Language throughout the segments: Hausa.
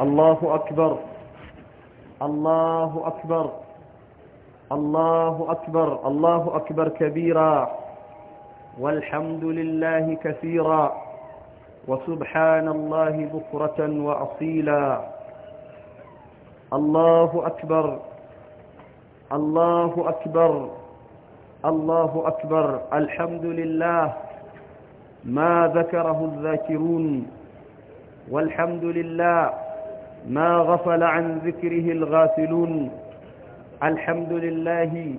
الله أكبر الله أكبر الله أكبر الله أكبر كبيرا والحمد لله كثيرا وسبحان الله بكرة وأصيلا الله أكبر الله أكبر الله أكبر الحمد لله ما ذكره الذاكرون والحمد لله ما غفل عن ذكره الغافلون الحمد لله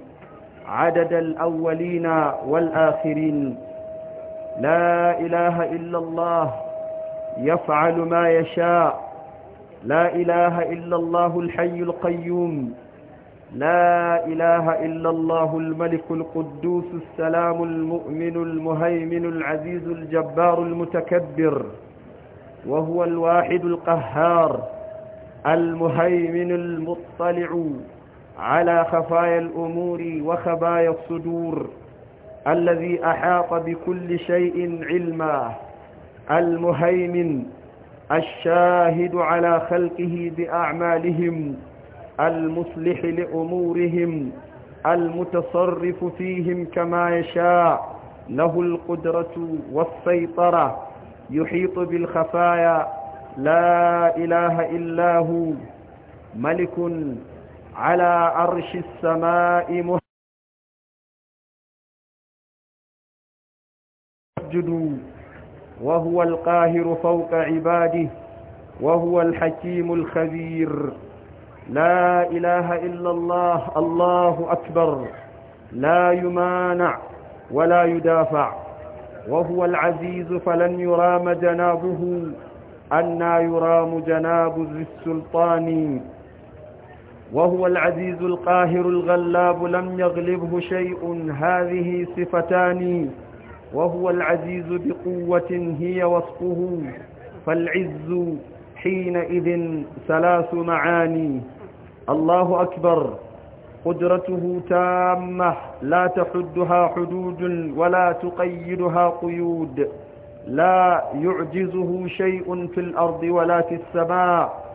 عدد الأولين والآخرين لا إله إلا الله يفعل ما يشاء لا إله إلا الله الحي القيوم لا إله إلا الله الملك القدوس السلام المؤمن المهيمن العزيز الجبار المتكبر وهو الواحد القهار المهيمن المطلع على خفايا الأمور وخبايا الصدور الذي أحاط بكل شيء علما المهيمن الشاهد على خلقه بأعمالهم المصلح لأمورهم المتصرف فيهم كما يشاء له القدرة والسيطرة يحيط بالخفايا لا إله إلا هو ملك على عرش السماء مسجد وهو القاهر فوق عباده وهو الحكيم الخبير لا إله إلا الله الله أكبر لا يمانع ولا يدافع وهو العزيز فلن يرام جنابه أنا يرام جناب ذي السلطان وهو العزيز القاهر الغلاب لم يغلبه شيء هذه صفتان وهو العزيز بقوة هي وصفه فالعز حينئذ ثلاث معاني الله أكبر قدرته تامة لا تحدها حدود ولا تقيدها قيود لا يعجزه شيء في الأرض ولا في السماء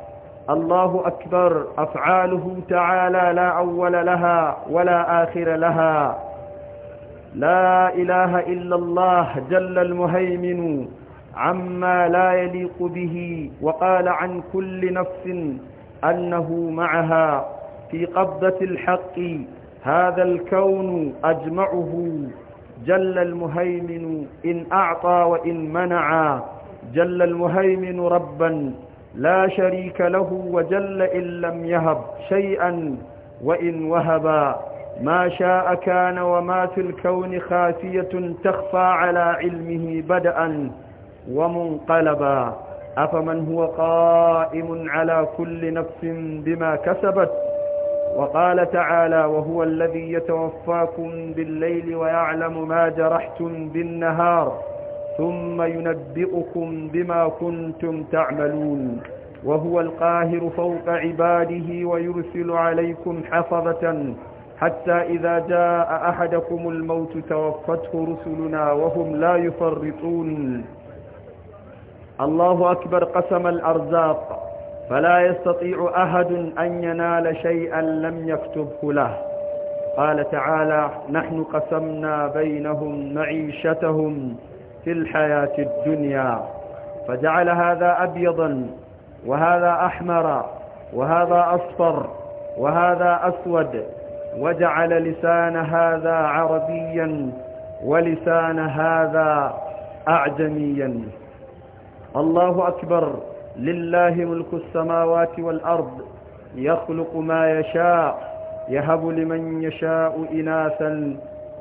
الله أكبر أفعاله تعالى لا أول لها ولا آخر لها لا إله إلا الله جل المهيمن عما لا يليق به وقال عن كل نفس أنه معها في قبضة الحق هذا الكون أجمعه جل المهيمن إن أعطى وإن منعا جل المهيمن ربا لا شريك له وجل إن لم يهب شيئا وإن وهبا ما شاء كان وما في الكون خافية تخفى على علمه بدءا ومنقلبا أفمن هو قائم على كل نفس بما كسبت وقال تعالى وهو الذي يتوفاكم بالليل ويعلم ما جرحتم بالنهار ثم ينبئكم بما كنتم تعملون وهو القاهر فوق عباده ويرسل عليكم حفظة حتى إذا جاء أحدكم الموت توفته رسلنا وهم لا يفرطون الله أكبر قسم الأرزاق فلا يستطيع أحد أن ينال شيئا لم يكتبه له قال تعالى نحن قسمنا بينهم معيشتهم في الحياة الدنيا فجعل هذا أبيضا وهذا أحمر وهذا أصفر وهذا أسود وجعل لسان هذا عربيا ولسان هذا أعجميا الله أكبر لله ملك السماوات والأرض يخلق ما يشاء يهب لمن يشاء إناثا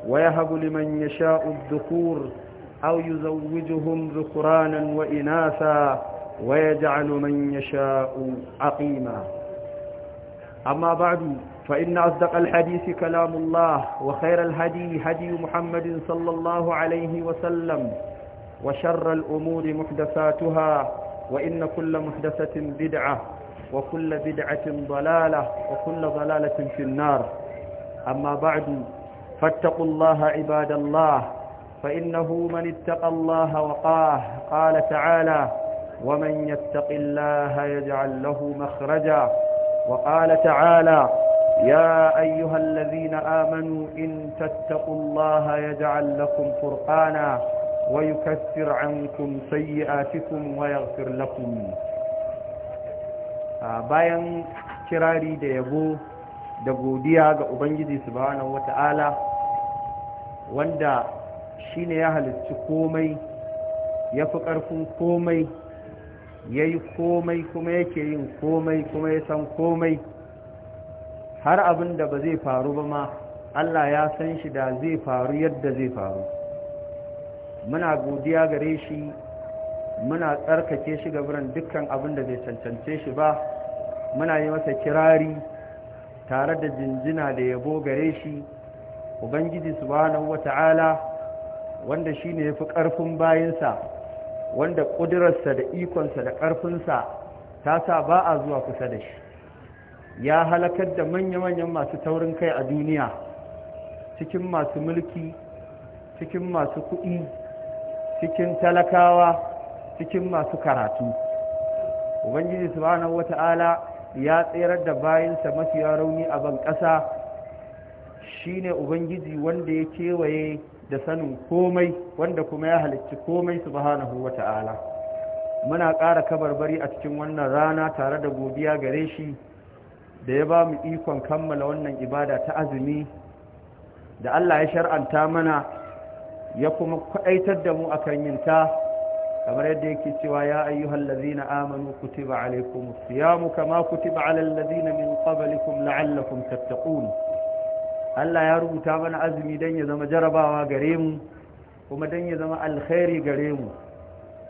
ويهب لمن يشاء الذكور أو يزوجهم ذكرانا وإناثا ويجعل من يشاء عقيما أما بعد فإن أصدق الحديث كلام الله وخير الهدي هدي محمد صلى الله عليه وسلم وشر الأمور محدثاتها وإن كل محدثة بدعة وكل بدعة ضلالة وكل ضلالة في النار أما بعد فاتقوا الله عباد الله فإنه من اتقى الله وقاه قال تعالى ومن يتق الله يجعل له مخرجا وقال تعالى يا أيها الذين آمنوا إن تتقوا الله يجعل لكم فرقانا ويكفر عنكم سيئاتكم ويغفر لكم bayan kirari da yabo da godiya ga ubangiji subhanahu wata'ala wanda shine ya halicci komai ya fi ƙarfin komai ya yi komai kuma yake yin komai kuma ya san komai har abin da ba zai faru ba ma allah ya san shi da zai faru yadda zai faru muna godiya gare shi muna tsarkake shi biran dukkan abin da bai cancance shi ba muna yi masa kirari tare da jinjina da yabo gare shi ubangiji subhanahu wata'ala wanda shi ne yafi ƙarfin bayinsa wanda ƙudurarsa da ikonsa da ƙarfinsa ta sa ba a zuwa kusa da shi ya halakar da manya-manyan masu taurin kai a duniya cikin masu mulki cikin masu kuɗi cikin talakawa cikin masu karatu ubangiji subhanahu wata'ala ya tserar da bayansa mafi rauni a ban ƙasa shine ubangiji wanda ya kewaye da sanin komai wanda kuma ya halicci komai subhanahu wata'ala muna ƙara kabarbari a cikin wannan rana tare da godiya gare shi da ya ba mu ikon kammala wannan ibada ta azumi da Allah ya shar'anta mana ya kuma kwaɗaitar da mu akan yin ta kamar yadda yake cewa ya ayyuhal ladzina amanu kutiba alaikum siyamu kama kutiba alal ladzina min qablikum la'allakum tattaqun Allah ya rubuta mana azumi dan ya zama jarabawa gare mu kuma dan ya zama alkhairi gare mu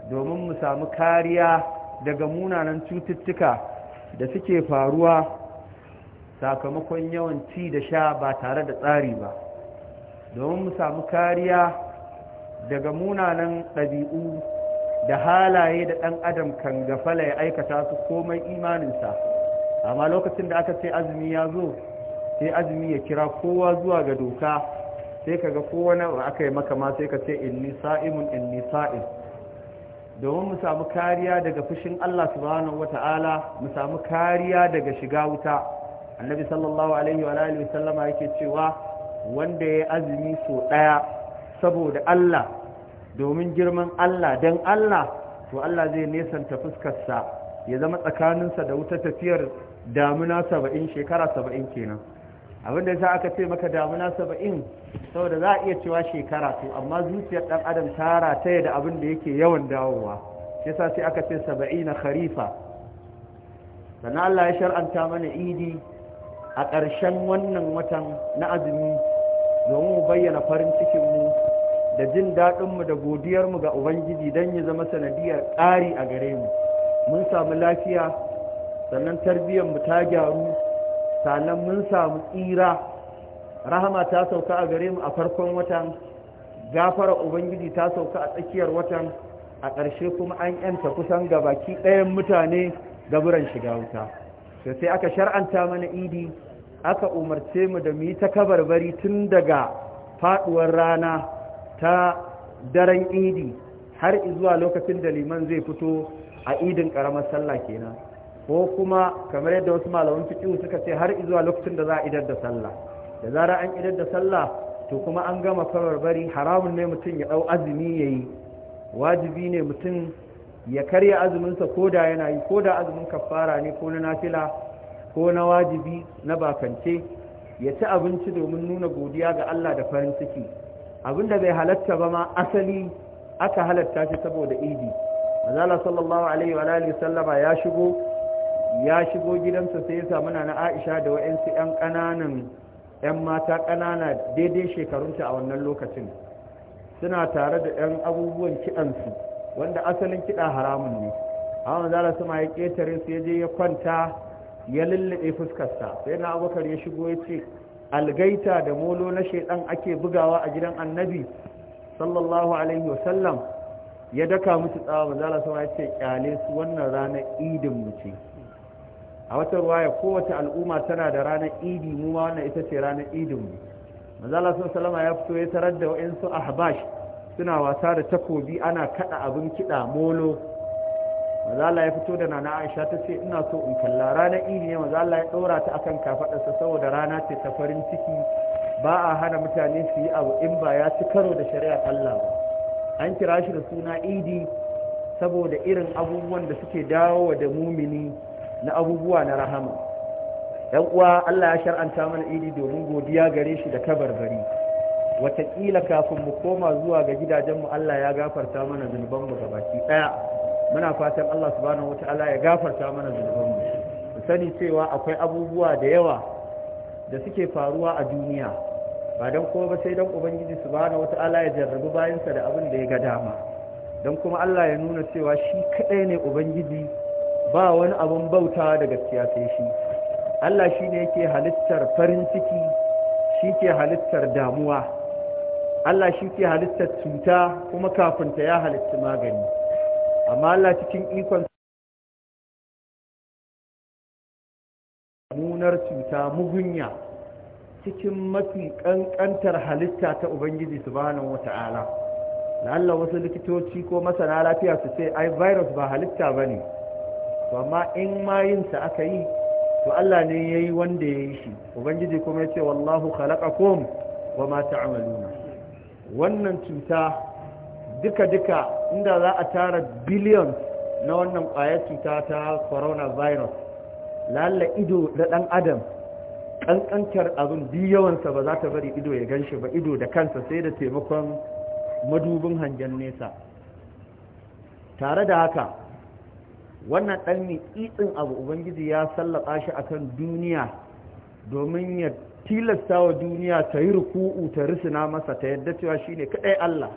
domin mu samu kariya daga munanan cututtuka da suke faruwa sakamakon yawan ci da sha ba tare da tsari ba domin mu samu kariya daga munanan ɗabi'u da halaye da ɗan adam kan gafala ya aikata su komai imaninsa amma lokacin da aka ce azumi ya zo sai azumi ya kira kowa zuwa ga doka sai kaga ga na aka yi maka ma sai ka ce inni sa'imun inni sa'im domin mu samu kariya daga fushin Allah subhanahu wata'ala mu samu kariya daga shiga wuta annabi sallallahu alaihi wa alihi sallama yake cewa wanda ya azumi so daya saboda Allah domin girman Allah don Allah to Allah zai nesanta fuskarsa ya zama tsakaninsa da wuta tafiyar damuna saba'in shekara saba'in kenan abinda za aka ce maka damuna saba'in saboda za a iya cewa shekara to amma zuciyar ɗan adam ta rataya da abin da yake yawan dawowa shi sa sai aka ce saba'i na kharifa sannan Allah ya shar'anta mana idi a ƙarshen wannan watan na azumi domin mu bayyana farin cikinmu da jin daɗinmu da godiyarmu ga ubangiji don ya zama sanadiyar ƙari a gare mu mun samu lafiya sannan mu ta gyaru sannan mun samu tsira rahama ta sauka a gare mu a farkon watan gafara ubangiji ta sauka a tsakiyar watan a ƙarshe kuma an yanta kusan ga baki ɗayan mutane gaburan shiga wuta sai aka shar'anta mana idi aka umarce mu da mu yi ta kabarbari tun daga faduwar rana ta daren idi har zuwa lokacin da liman zai fito a idin karamar sallah kenan ko kuma kamar yadda wasu malaman fiqh suka ce har zuwa lokacin da za a idar da sallah da zara an idar da sallah to kuma an gama kabarbari haramun ne mutum ya dau azumi yayi wajibi ne mutum ya karya azuminsa ko da yana yi ko da azumin kafara ne ko na nafila ko na wajibi na bakance ya ci abinci domin nuna godiya ga Allah da farin ciki da bai halatta ba ma asali aka halatta shi saboda idi mazala sallallahu alaihi wa alihi sallama ya shigo ya shigo gidansa sai ya samu nana Aisha da wa'ansu yan ƙananan yan mata ƙanana daidai shekarunta a wannan lokacin suna tare da ƴan abubuwan kiɗansu wanda asalin kiɗa haramun ne amma mazala sama ya ketare su ya je ya kwanta ya lullube fuskarsa sai na abubakar ya shigo ya ce algaita da molo na shaidan ake bugawa a gidan annabi sallallahu alaihi wasallam ya daka musu tsawa manzala sama ya ce kyale su wannan ranar idin mu ce a wata ruwaya kowace al'umma tana da ranar idi mu ma wannan ita ce ranar idin mu manzala sun salama ya fito ya tarar da wa'insu ahbash suna wasa da takobi ana kada abin kiɗa molo maza ya fito da nana Aisha ta ce ina so in kalla ranar idi ne maza Allah ya ɗora ta akan kafaɗarsa saboda rana ce ta farin ciki ba a hana mutane su yi abu in ba ya ci karo da shari'ar Allah ba an kira shi da suna idi saboda irin abubuwan da suke dawo da mumini na abubuwa na rahama yan uwa Allah ya shar'anta mana idi domin godiya gare shi da kabarbari wataƙila kafin mu koma zuwa ga gidajenmu Allah ya gafarta mana zunubanmu gabaki ɗaya muna fatan Allah subhanahu wataala ya gafarta mana zunubanmu mu sani cewa akwai abubuwa da yawa da suke faruwa a duniya ba don kuma ba sai don ubangiji subhanahu wataala ya jarrabi bayansa da abin da ya ga dama don kuma Allah ya nuna cewa shi kadai ne ubangiji ba wani abin bauta da gaskiya sai shi Allah shi ne yake halittar farin ciki shi ke halittar damuwa Allah shi ke halittar cuta kuma kafinta ya halitta magani amma Allah cikin ikon munar cuta mugunya cikin mafi kankantar halitta ta ubangiji subhanahu wata'ala lalla wasu likitoci ko masana lafiya su ce ai virus ba halitta ba ne to amma in ma yinsa aka yi to Allah ne ya yi wanda ya yi shi ubangiji kuma ya ce wallahu khalaqakum wa ma ta'maluna wannan cuta duka-duka inda za a tara biliyon na wannan ƙwayar cuta ta coronavirus lalla ido da ɗan adam ƙanƙantar abin biyu yawansa ba za ta bari ido ya ganshi ba ido da kansa sai da taimakon madubin hangen nesa tare da haka wannan ɗan ne itsin abu ubangiji ya sallaka shi akan duniya domin ya tilasta wa duniya ta yi ruku'u ta risina masa ta yadda cewa shi ne kaɗai Allah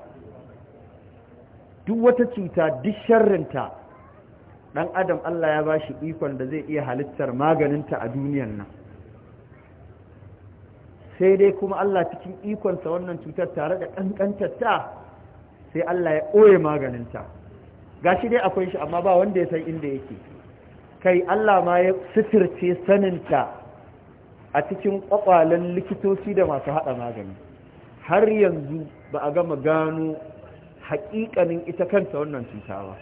duk wata cuta duk sharrinta ɗan adam Allah ya ba shi ikon da zai iya halittar maganinta a duniyan nan sai dai kuma Allah cikin ikonsa wannan cutar tare da ƙanƙantarta sai Allah ya ɓoye maganinta gashi dai akwai shi amma ba wanda ya san inda yake kai Allah ma ya sitirce saninta a cikin ƙwaƙwalen likitoci da masu haɗa magani har yanzu ba a gama gano haƙiƙanin ita kanta wannan cuta ba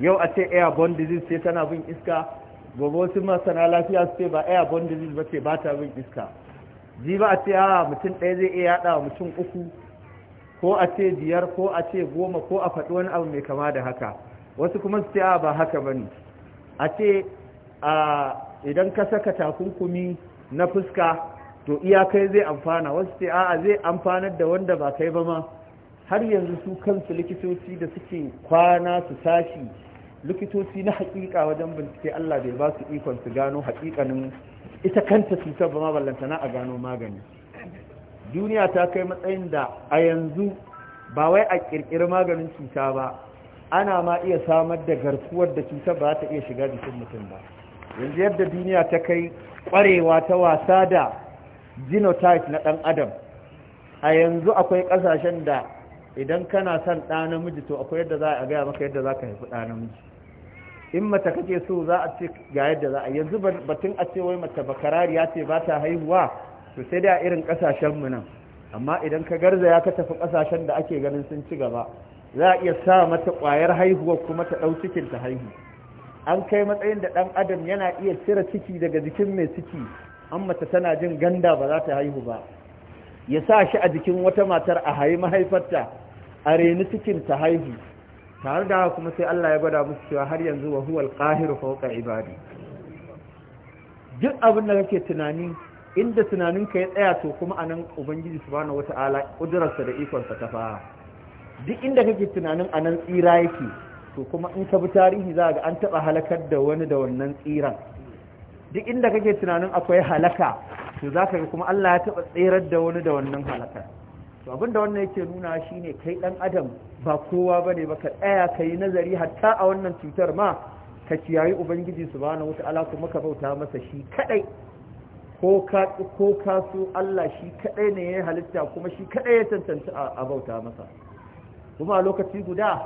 yau a ce airborne disease sai tana bin iska gobe wasu masana lafiya su ce ba airborne disease ba ce ba ta bin iska ji ba a ce a mutum ɗaya zai iya yaɗa wa mutum uku ko a ce biyar ko a ce goma ko a faɗi wani abu mai kama da haka wasu kuma su ce a ba haka ba ne a ce idan ka saka takunkumi na fuska to iyakai zai amfana wasu ce a zai amfanar da wanda ba kai ba ma har yanzu su kansu likitoci da suke kwana su tashi likitoci na hakika wajen bincike Allah bai ba su ikon su gano hakikanin ita kanta cutar ba ma na a gano magani duniya ta kai matsayin da a yanzu ba wai a kirkiri maganin cuta ba ana ma iya samar da garkuwar da cutar ba ta iya shiga jikin mutum ba yanzu yadda duniya ta kai kwarewa ta wasa da genotype na dan adam a yanzu akwai kasashen da idan kana son ɗa namiji to akwai yadda za a gaya maka yadda za ka haifi ɗa namiji in mace kake so za a ce ga yadda za a yanzu batun a ce wai mace bakarariya ce ba ta haihuwa to sai dai a irin ƙasashenmu nan amma idan ka garza ya ka tafi ƙasashen da ake ganin sun ci gaba za a iya sa mata ƙwayar haihuwa kuma ta ɗau cikin ta haihu an kai matsayin da ɗan adam yana iya cire ciki daga jikin mai ciki an mata tana jin ganda ba za ta haihu ba ya sa shi a jikin wata matar a hayi mahaifarta a reni cikin ta haihu tare da kuma sai Allah ya gwada musu cewa har yanzu wa huwal qahiru fawqa ibadi duk abin da kake tunani inda ka ya tsaya to kuma anan ubangiji subhanahu wataala kudrarsa da sa ta fara duk inda kake tunanin anan tsira yake to kuma in ka bi tarihi za ga an taba halakar da wani da wannan tsiran duk inda kake tunanin akwai halaka to zaka ga kuma Allah ya taba tsirar da wani da wannan halakar to abinda wannan yake nuna shine kai dan adam ba kowa bane ba ka tsaya kai nazari hatta a wannan cutar ma ka kiyayi ubangiji subhanahu wataala kuma ka bauta masa shi kadai ko ka ko ka so Allah shi kadai ne ya halitta kuma shi kadai ya tantance a bauta masa kuma a lokaci guda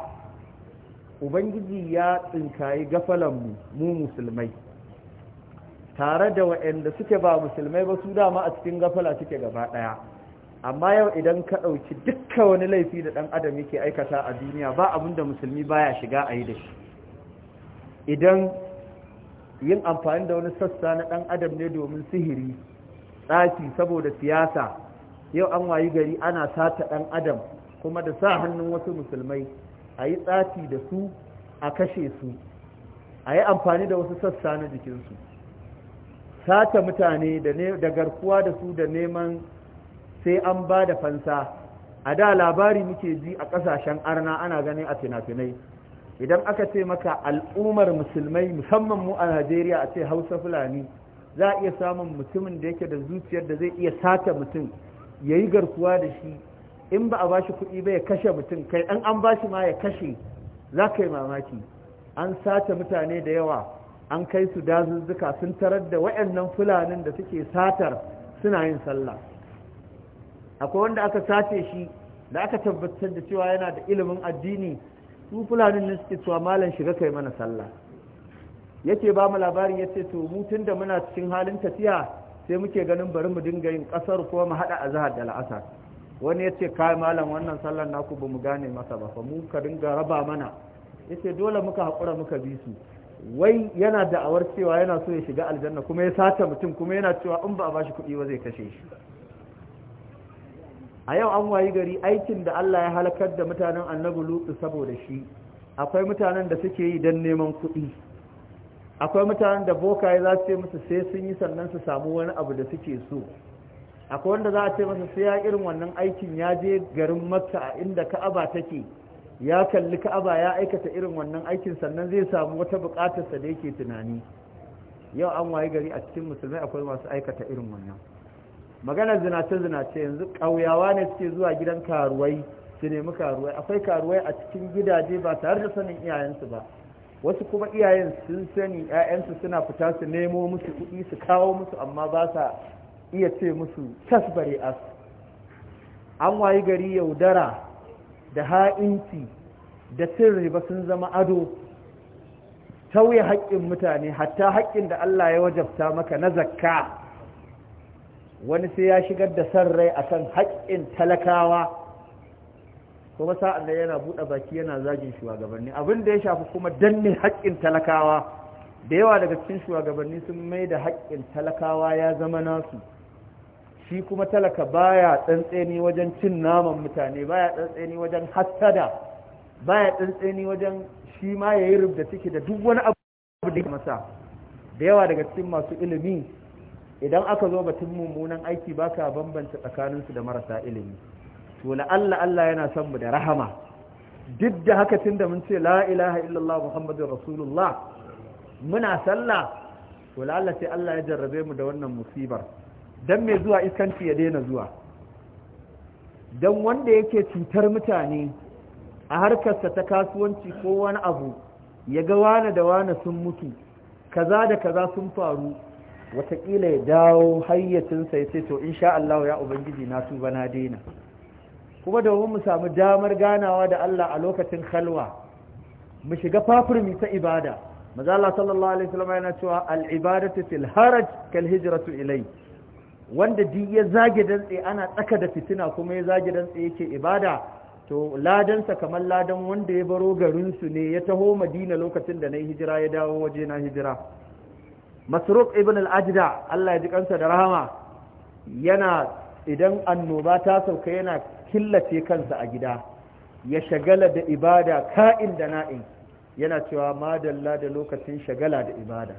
ubangiji ya tsinkayi gafalan mu mu musulmai tare da waɗanda suke ba musulmai ba su dama a cikin gafala suke gaba ɗaya amma yau idan ka ɗauki dukkan wani laifi da ɗan adam yake aikata a duniya ba abin da musulmi baya shiga a yi da shi idan yin amfani da wani sassa na ɗan adam ne domin sihiri tsafi saboda siyasa yau an wayi gari ana sata ɗan adam kuma da sa hannun wasu musulmai a yi tsafi da su a kashe su a yi amfani da wasu sassa na jikinsu sata mutane da garkuwa da su da neman sai an ba da fansa a da labari muke ji a ƙasashen arna ana ganin a fina-finai idan aka ce maka al'ummar musulmai musamman mu a najeriya a ce hausa fulani za a iya samun mutumin da yake da zuciyar da zai iya sata mutum ya yi garkuwa da shi in ba a ba shi kuɗi ba ya kashe mutum kai an an ba shi ma ya kashe za ka yi mamaki an sata mutane da yawa an kai su dazuzzuka sun tarar da waɗannan fulanin da suke satar suna yin sallah akwai wanda aka sace shi da aka tabbatar da cewa yana da ilimin addini su fulanin ne suke cewa malam shiga kai mana sallah yake ba mu ya yace to mu tunda muna cikin halin tafiya sai muke ganin bari mu dinga yin kasar ko mu hada azhar da al'asar wani yace kai malam wannan sallar naku ba mu gane masa ba fa mu ka dinga raba mana yace dole muka hakura muka bi su wai yana awar cewa yana so ya shiga aljanna kuma ya sata mutum kuma yana cewa in ba a bashi kuɗi ba zai kashe shi a yau an wayi gari aikin da Allah ya halakar da mutanen annabi lutu saboda shi akwai mutanen da suke yi don neman kuɗi akwai mutanen da bokaye za su ce musu sai sun yi sannan su samu wani abu da suke so akwai wanda za a ce masa sai ya irin wannan aikin ya je garin makka a inda ka'aba take ya kalli ka'aba ya aikata irin wannan aikin sannan zai samu wata buƙatarsa da yake tunani yau an wayi gari a cikin musulmai akwai masu aikata irin wannan maganar zinace-zinace yanzu ƙauyawa ne suke zuwa gidan karuwai su nemi karuwai akwai karuwai a cikin gidaje ba tare da sanin iyayensu ba wasu kuma iyayen sun sani 'ya'yansu suna fita su nemo musu kuɗi su kawo musu amma ba sa iya ce musu tasbare as an wayi gari yaudara da ha'inci da cin riba sun zama ado tauye haƙƙin mutane hatta haƙƙin da Allah ya wajabta maka na zakka wani sai ya shigar da san rai akan haƙƙin talakawa kuma sa'an da yana buɗe baki yana zagin shugabanni abin da ya shafi kuma danne haƙƙin talakawa da yawa daga cikin shugabanni sun mai da haƙƙin talakawa ya zama nasu shi kuma talaka baya tsantseni wajen cin naman mutane baya tsantseni wajen hassada baya tsantseni wajen shi ma ya yi rubda ciki da duk wani abu da masa da yawa daga cikin masu ilimi idan aka zo batun mummunan aiki baka bambanta tsakaninsu da marasa ilimi to la'alla Allah yana son mu da rahama duk da haka tun da mun ce la ilaha illallah muhammadur rasulullah muna sallah to la'alla sai Allah ya jarrabe mu da wannan musibar dan mai zuwa iskanci ya daina zuwa dan wanda yake cutar mutane a harkarsa ta kasuwanci ko wani abu ya ga wane da wane sun mutu kaza da kaza sun faru watakila ya dawo hayyacinsa ya ce to in sha Allah ya ubangiji na tuba na daina kuma domin mu samu damar ganawa da Allah a lokacin kalwa mu shiga fafirmi ta ibada Mazala sallallahu alaihi wasallam yana cewa al-ibadatu fil haraj kal hijratu ilai wanda di ya zage dantse ana tsaka da fitina kuma ya zage dantse yake ibada to ladansa kamar ladan wanda ya baro garin su ne ya taho Madina lokacin da na hijira ya dawo waje na hijira masruq ibn al-ajda Allah ya ji kansa da rahama yana idan annoba ta sauka yana killace kansa a gida ya shagala da ibada ka'in da na'in yana cewa madalla da lokacin shagala da ibada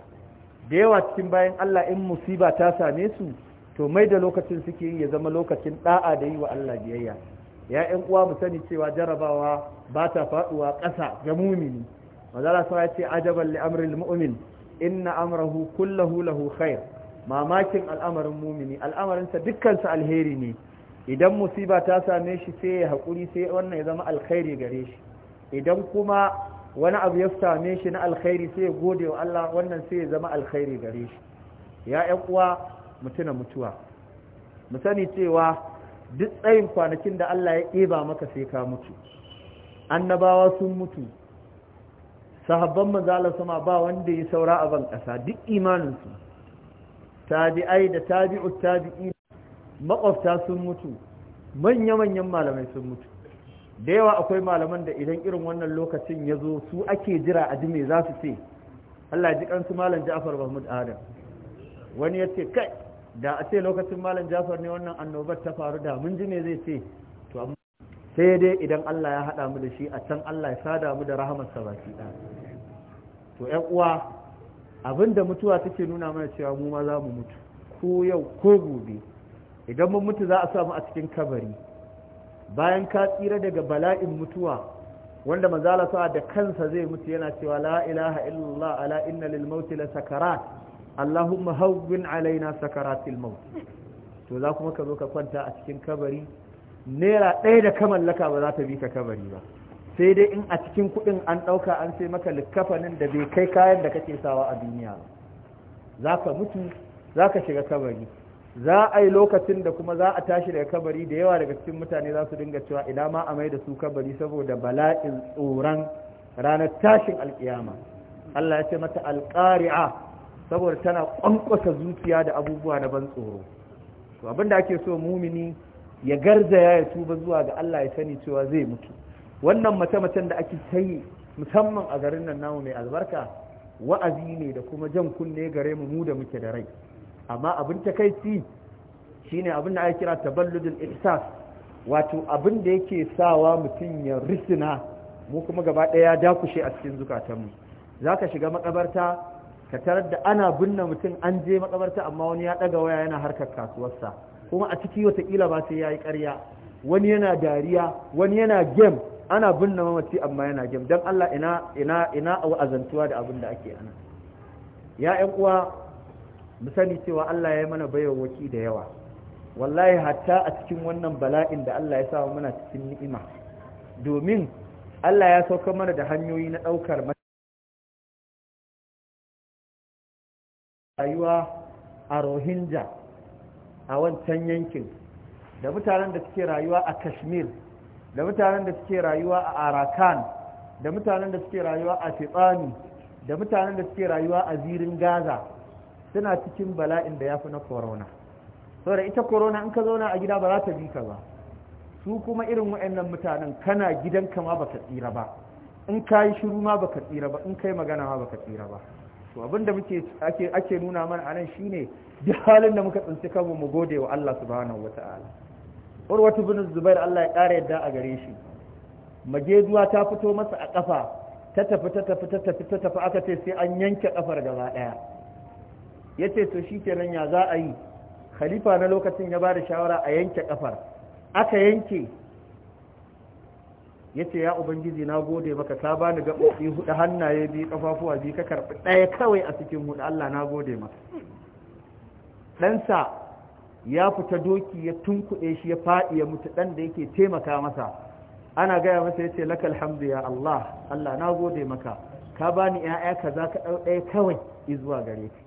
da yawa cikin bayan Allah in musiba ta same su to mai da lokacin suke yi ya zama lokacin da'a da yi wa Allah biyayya ya yan uwa mu sani cewa jarabawa ba ta faduwa ƙasa ga mumini manzala sa ya ce ajaban li amril mu'min inna amrahu kullahu lahu khair mamakin al'amarin mumini al'amarinsa dukkansa alheri ne idan musiba ta same shi sai ya haƙuri sai wannan ya zama alkhairi gare shi idan kuma wani abu ya same shi na alkhairi sai ya gode wa Allah wannan sai ya zama alkhairi gare shi ya ƴan uwa mutuna mutuwa mu sani cewa duk tsayin kwanakin da Allah ya ɗeba maka sai ka mutu annabawa sun mutu sahabban manzala sama ba wanda ya saura a ban ƙasa duk imaninsu tabi'ai da tabi'u, tabi'i makwabta sun mutu manya-manyan malamai sun mutu da yawa akwai malaman da idan irin wannan lokacin ya zo su ake jira a jime za su ce Allah ji kansu malam Ja'far Mahmud Adam wani ya ce kai da a ce lokacin malam Ja'far ne wannan annobar ta faru da mun ji zai ce sai dai idan Allah ya haɗa mu da shi a can Allah ya sada mu da rahamarsa baki ɗaya to yan uwa abinda mutuwa take nuna mana cewa mu ma za mu mutu ko yau ko gobe idan mun mutu za a samu a cikin kabari bayan ka tsira daga bala'in mutuwa wanda manzala sa da kansa zai mutu yana cewa la ilaha illallah ala inna lil maut la sakarat allahumma hawwin alaina sakaratil maut to za kuma ka zo ka kwanta a cikin kabari naira ɗaya da ka ba za ta bi ka kabari ba sai dai in a cikin kuɗin an ɗauka an sai maka likkafanin da bai kai kayan da kake sawa a duniya ba za ka mutu za ka shiga kabari za a yi lokacin da kuma za a tashi daga kabari da yawa daga cikin mutane za su dinga cewa ina ma a mai da su kabari saboda bala'in tsoron ranar tashin alkiyama Allah ya ce mata alƙari'a saboda tana ƙwanƙwasa zuciya da abubuwa na ban tsoro to abin da ake so mumini ya garzaya ya tuba zuwa ga Allah ya sani cewa zai mutu wannan mace-macen da ake ta yi musamman a garin nan namu mai albarka wa'azi ne da kuma jan kunne gare mu mu da muke da rai amma abin takaici shine abin da ake kira taballudul ihsas wato abin da yake sawa mutum ya risina mu kuma gaba ɗaya dakushe a cikin zukatanmu ka shiga makabarta ka tarar da ana binne mutum an je makabarta amma wani ya ɗaga waya yana harkar kasuwarsa kuma a ciki watakila ba sai ya yi ƙarya wani yana dariya wani yana game ana binne mamaci amma yana gem don Allah ina ina wa'azantuwa da abin da ake ana ya uwa mu cewa Allah ya yi mana bayawaki da yawa wallahi hatta a cikin wannan bala'in da Allah ya sa mana cikin ni'ima domin Allah ya sauka mana da hanyoyi na ɗaukar rayuwa a Rohingya a wancan yankin da mutanen da suke rayuwa a Kashmir da mutanen da suke rayuwa a arakan da mutanen da suke rayuwa a fitsani da mutanen da suke rayuwa a zirin gaza suna cikin bala'in da ya fi na corona saboda ita corona in ka zauna a gida ba za ta bi ka ba su kuma irin wa'annan mutanen kana gidanka ma baka tsira ba in ka shiru ma baka tsira ba in kai magana ma baka tsira ba to abinda muke ake nuna mana anan shine duk halin da muka tsinci kanmu mu gode wa Allah subhanahu wataala urwatu bin zubair Allah ya ƙara yadda a gare shi mageduwa ta fito masa a ƙafa ta tafi ta tafi ta tafi ta tafi aka ce sai an yanke ƙafar gaba ɗaya ya ce to shi kenan ya za a yi khalifa na lokacin ya ba da shawara a yanke ƙafar aka yanke ya ce ya ubangiji na gode maka ta bani gaɓoɓi huɗu hannaye biyu ƙafafuwa biyu ka karɓi ɗaya kawai a cikin huɗu Allah na gode maka ɗansa ya fita doki ya tunkuɗe shi ya faɗi ya mutu ɗan da yake taimaka masa ana gaya masa ya ce laka alhamdu ya Allah Allah na gode maka ka bani ni ya'ya ka ɗau ɗaya kawai izuwa gare ka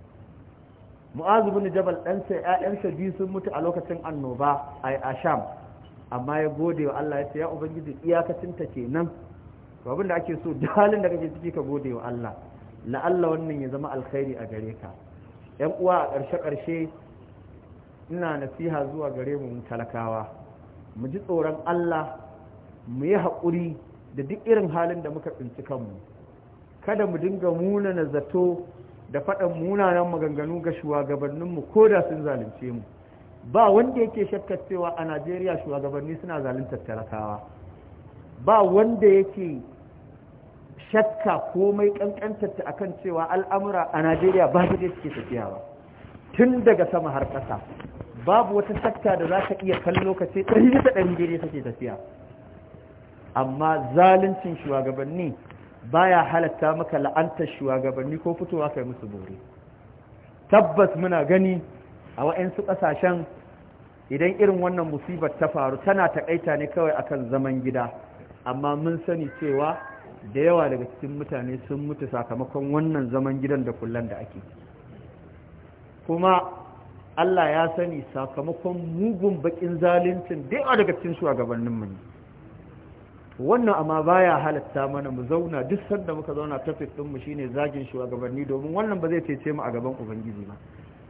mu'azu bin jabal ɗansa yayansa biyu sun mutu a lokacin annoba a sham amma ya gode wa Allah ya ce ya ubangiji iyakacin ta kenan to abin da ake so dalin halin da kake ciki ka gode wa Allah la'alla wannan ya zama alkhairi a gare ka ƴan uwa a ƙarshe ƙarshe ina nasiha zuwa gare mu talakawa mu ji tsoron Allah mu yi haƙuri da duk irin halin da muka tsinci kanmu kada mu dinga muna na zato da faɗan munanan maganganu ga shugabanninmu ko da sun zalunce mu ba wanda yake shakkar cewa a najeriya shugabanni suna zaluntar talakawa ba wanda yake shakka komai a akan cewa al'amura a najeriya ba su suke tafiya ba tun daga sama har ƙasa babu wata sakta da za ka iya kallo ka ce ɗari bisa ɗari daidai take tafiya amma zaluncin shugabanni baya halatta maka la'antar shugabanni ko fitowa kai musu bore tabbas muna gani a wa'ansu ƙasashen idan irin wannan musibar ta faru tana taƙaita ne kawai akan zaman gida amma mun sani cewa da yawa daga cikin mutane sun mutu sakamakon wannan zaman gidan da kullum da ake kuma Allah ya sani sakamakon mugun bakin zaluncin da yawa daga cikin shugabanninmu ne wannan amma baya halatta mana mu zauna duk sanda muka zauna tafis ɗinmu shine zagin shugabanni domin wannan ba zai cece mu a gaban ubangiji ba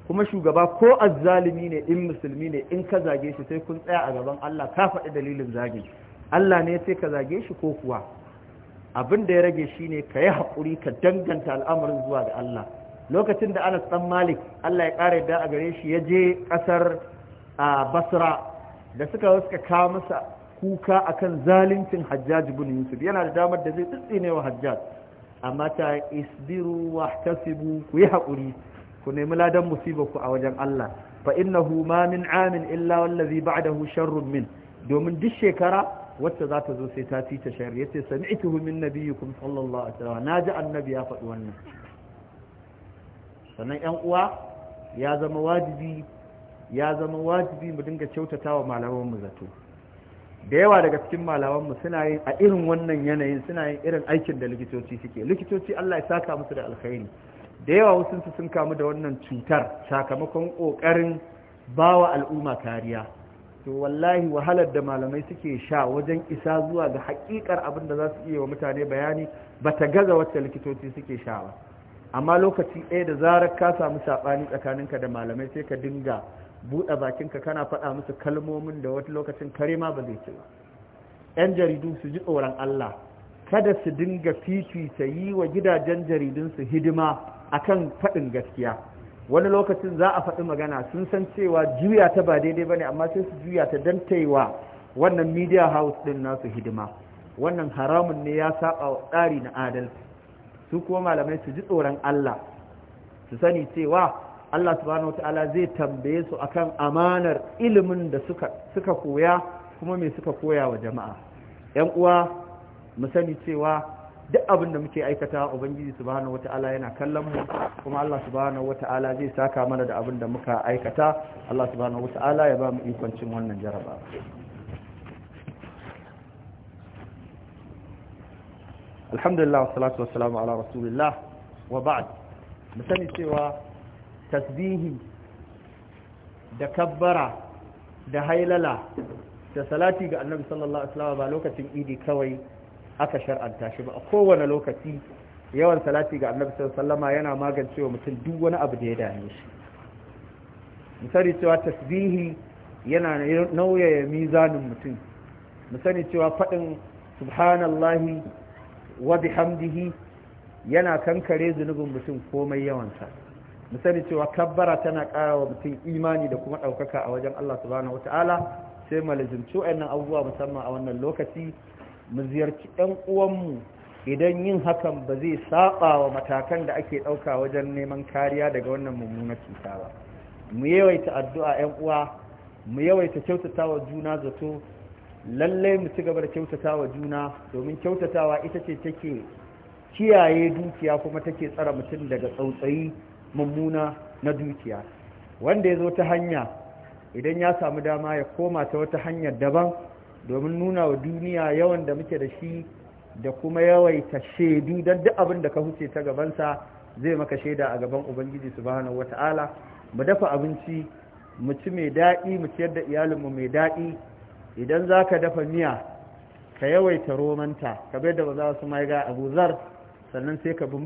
kuma shugaba ko azzalimi ne in musulmi ne in ka zage shi sai kun tsaya a gaban Allah ka faɗi dalilin zagin. Allah ne sai ka zage shi ko kuwa abin da ya rage shine ka yi haƙuri ka danganta al'amarin zuwa ga Allah lokacin da anas dan malik allah ya kara yadda a gare shi ya je kasar basra da suka suka kawo masa kuka akan zaluncin hajjaj bin yusuf yana da damar da zai tsitsine wa hajjaj amma ta isbiru wa tasibu ku yi haƙuri ku nemi ladan musiba ku a wajen allah fa innahu ma min amin illa wallazi ba'dahu sharrun min domin duk shekara wacce za ta zo sai ta ci ta shari'a yace sami'tuhu min nabiyyikum sallallahu alaihi wasallam naji annabi ya faɗi wannan sannan yan uwa ya zama wajibi ya zama wajibi mu dinga kyautatawa malaman mu zato da yawa daga cikin malaman mu suna yin a irin wannan yanayin suna yin irin aikin da likitoci suke likitoci Allah ya saka musu da alkhairi da yawa wasu sun kamu da wannan cutar sakamakon kokarin wa al'umma kariya to wallahi wahalar da malamai suke sha wajen isa zuwa ga hakikar abin da za su iya wa mutane bayani ba ta gaza wacce likitoci suke sha ba amma lokaci ɗaya da zarar ka samu saɓani tsakaninka da malamai sai ka dinga buɗe bakinka kana faɗa musu kalmomin da wata lokacin kare ma ba zai ci ba 'yan jaridu su ji tsoron Allah kada su dinga fifita yi wa gidajen jaridun su hidima akan faɗin gaskiya wani lokacin za a faɗi magana sun san cewa juya ta ba daidai ba ne amma sai su juya ta don taiwa wannan media house ɗin nasu hidima wannan haramun ne ya saba wa tsari na adalci su kuma malamai su ji tsoron Allah su sani cewa Allah subhanahu wataala zai tambaye su akan amanar ilimin da suka suka koya kuma me suka koya wa jama'a yan uwa mu sani cewa duk abin da muke aikata ubangiji subhanahu wata'ala yana kallon mu kuma Allah subhanahu wata'ala zai saka mana da abin da muka aikata Allah subhanahu wata'ala ya ba mu ikon cin wannan jaraba alhamdulillah wassalatu wassalamu ala rasulillah wa ba'd mu cewa tasbihi da kabbara da hailala da salati ga annabi sallallahu alaihi wasallam ba lokacin idi kawai aka shar'anta shi ba a kowane lokaci yawan salati ga annabi sallallahu alaihi wasallam yana magancewa mutum duk wani abu da ya dame shi cewa tasbihi yana nauyaya mizanin mutum musani cewa faɗin subhanallahi wa bihamdihi yana kankare zunubin mutum komai yawansa mu sani cewa kabbara tana kara wa mutum imani da kuma ɗaukaka a wajen Allah subhanahu wata'ala sai mu lazimci wayannan abubuwa musamman a wannan lokaci mu ziyarci ɗan uwanmu idan yin hakan ba zai saba wa matakan da ake ɗauka wajen neman kariya daga wannan mummunan cuta ba mu yawaita addu'a 'yan uwa mu yawaita kyautatawa juna zato lallai mu ci gaba da kyautatawa juna domin kyautatawa ita ce take kiyaye dukiya kuma take tsara mutum daga tsautsayi mummuna na dukiya wanda ya zo ta hanya idan ya samu dama ya koma ta wata hanyar daban domin nuna wa duniya yawan da muke da shi da kuma yawaita shaidu don duk abin da ka huce ta gabansa zai maka shaida a gaban ubangiji subhanahu wata'ala mu dafa abinci mu ci mai daɗi mu ciyar da iyalinmu mai daɗi idan za ka dafa miya ka yawaita romanta ka bai da ba za su mai ga abu sannan sai ka bi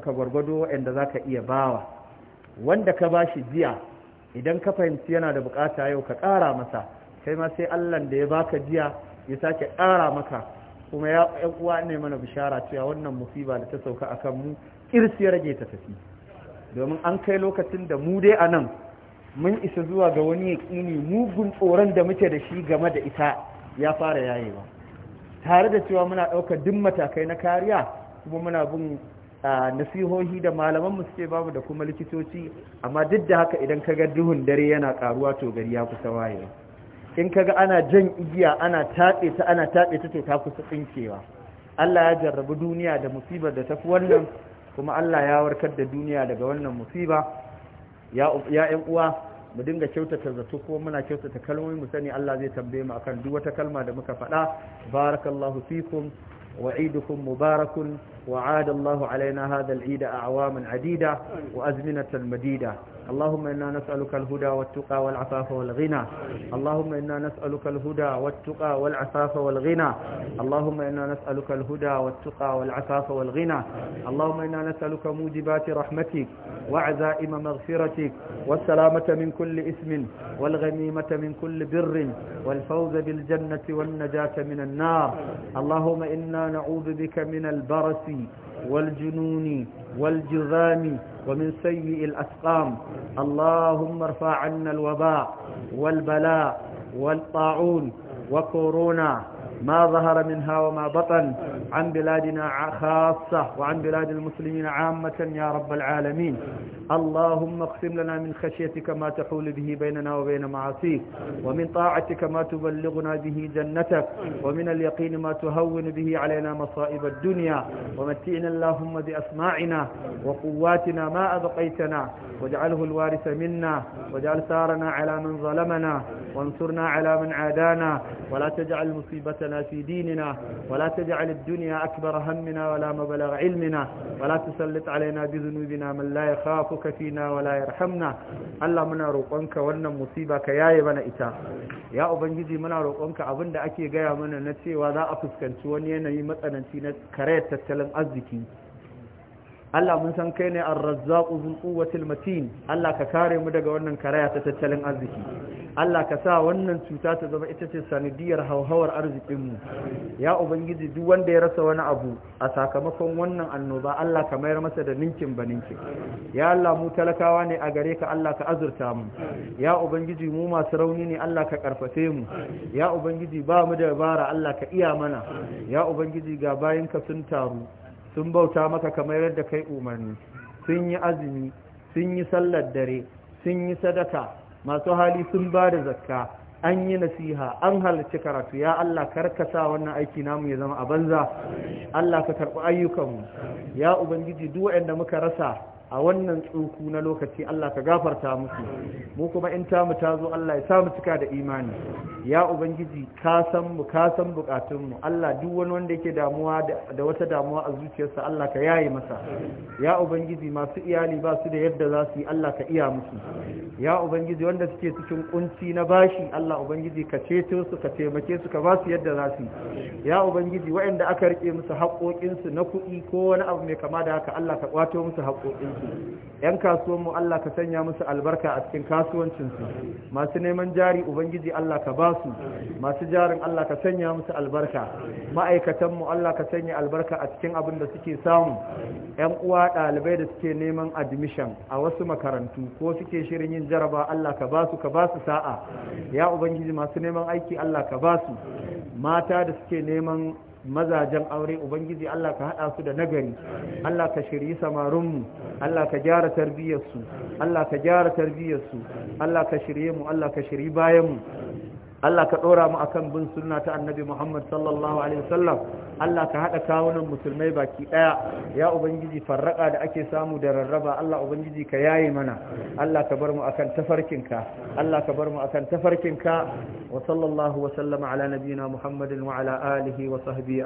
ka gwargwado waɗanda za ka iya bawa wanda ka ba shi jiya idan ka fahimci yana da bukata yau ka ƙara masa kai ma sai allah da ya baka jiya ya sake ƙara maka kuma ya uwa ne mana bishara cewa wannan musiba da ta sauka akan mu kirsi ya rage ta tafi domin an kai lokacin da mu dai a nan mun isa zuwa ga wani yaƙini mugun tsoron da muke da shi game da ita ya fara yayewa tare da cewa muna ɗaukar duk matakai na kariya kuma muna bin nasihohi da malamanmu suke babu da kuma likitoci amma duk da haka idan ka ga duhun dare yana karuwa to gari ya kusa wayewa in ka ga ana jan igiya ana taɓe ta ana taɓe ta to ta kusa tsinkewa Allah ya jarrabu duniya da musibar da tafi wannan kuma Allah ya warkar da duniya daga wannan musiba ya ya uwa mu dinga kyautata zato kuma muna kyautata kalmomi mu sani Allah zai tambaye mu akan duk wata kalma da muka faɗa barakallahu fikum وعيدكم مبارك alaina الله علينا a العيد adida wa وأزمنة madida. اللهم إنا نسألك الهدى والتقى والعفاف والغنى اللهم إنا نسألك الهدى والتقى والعفاف والغنى اللهم إنا نسألك الهدى والتقى والعفاف والغنى اللهم إنا نسألك موجبات رحمتك وعزائم مغفرتك والسلامة من كل إثم والغنيمة من كل بر والفوز بالجنة والنجاة من النار اللهم إنا نعوذ بك من البرس والجنون والجذام ومن سيء الأسقام اللهم ارفع عنا الوباء والبلاء والطاعون وكورونا ما ظهر منها وما بطن عن بلادنا خاصة وعن بلاد المسلمين عامة يا رب العالمين اللهم اقسم لنا من خشيتك ما تحول به بيننا وبين معاصيك ومن طاعتك ما تبلغنا به جنتك ومن اليقين ما تهون به علينا مصائب الدنيا ومتئنا اللهم بأسماعنا وقواتنا ما أبقيتنا واجعله الوارث منا واجعل ثارنا على من ظلمنا وانصرنا على من عادانا ولا تجعل مصيبتنا لنا في ديننا ولا تجعل الدنيا أكبر همنا ولا مبلغ علمنا ولا تسلط علينا بذنوبنا من لا يخافك فينا ولا يرحمنا الله منا روقنك وانا مصيبك يا يبنا إتا يا أبنجي منا روقنك أبن دا أكي غير منا نتي وذا أفسكنت ونينا يمتنا نتي نتكريت تتلم أزكي Allah mun san kai ne ar-razzaqu zul quwwatil matin Allah ka kare mu daga wannan karaya ta tattalin arziki Allah ka sa wannan cuta ta zama ita ce sanadiyar hauhawar arzikin mu ya ubangiji duk wanda ya rasa wani abu a sakamakon wannan annoba Allah ka mayar masa da ninkin baninki ya Allah mu talakawa ne a gare ka Allah ka azurta mu ya ubangiji mu masu rauni ne Allah ka karfafe mu ya ubangiji ba mu da bara Allah ka iya mana ya ubangiji ga bayinka sun taru sun bauta maka kamar yadda kai umarni sun yi azumi sun yi sallar dare sun yi sadaka masu hali sun ba da zakka an yi nasiha an halarci karatu ya Allah sa wannan aiki namu ya zama a banza Allah ka karɓi ayyukanmu ya ubangiji duk waɗanda muka rasa a wannan tsuku na lokaci Allah ka gafarta musu mu kuma in ta mu tazo Allah ya sa mu cika da imani ya ubangiji ka san mu ka san bukatun mu Allah duk wani wanda yake damuwa da wata damuwa a zuciyarsa Allah ka yaye masa ya ubangiji masu iyali ba su da yadda za su yi Allah ka iya musu ya ubangiji wanda suke cikin kunci na bashi Allah ubangiji ka ceto su ka taimake su ka ba su yadda za su yi ya ubangiji waɗanda aka rike musu haƙoƙinsu na kuɗi ko wani abu mai kama da haka Allah ka kwato musu haƙoƙin yan kasuwan mu Allah ka sanya musu albarka a cikin kasuwancinsu masu neman jari ubangiji Allah ka ba su masu jarin Allah ka sanya musu albarka ma'aikatan mu Allah ka sanya albarka a cikin abin da suke samu yan uwa ɗalibai da suke neman admission a wasu makarantu ko suke shirin yin jaraba Allah ka ba su ka ba su sa'a ya ubangiji masu neman aiki Allah ka ba su mata da suke neman mazajen aure ubangiji Allah ka hada su da nagari Allah ka shiryi samarunmu. Allah ka gyara tarbiyyarsu Allah ka gyara tarbiyyarsu Allah ka shirye mu Allah ka shiryi bayanmu Allah ka ɗora mu akan bin sunna ta annabi Muhammad sallallahu alaihi wasallam Allah ka haɗa kawunan musulmai baki ɗaya ya ubangiji farraƙa da ake samu da rarraba Allah ubangiji ka yaye mana Allah ka bar mu akan tafarkinka Allah ka bar mu akan tafarkinka wa sallallahu wa sallama ala nabiyyina Muhammadin wa ala alihi wa sahbihi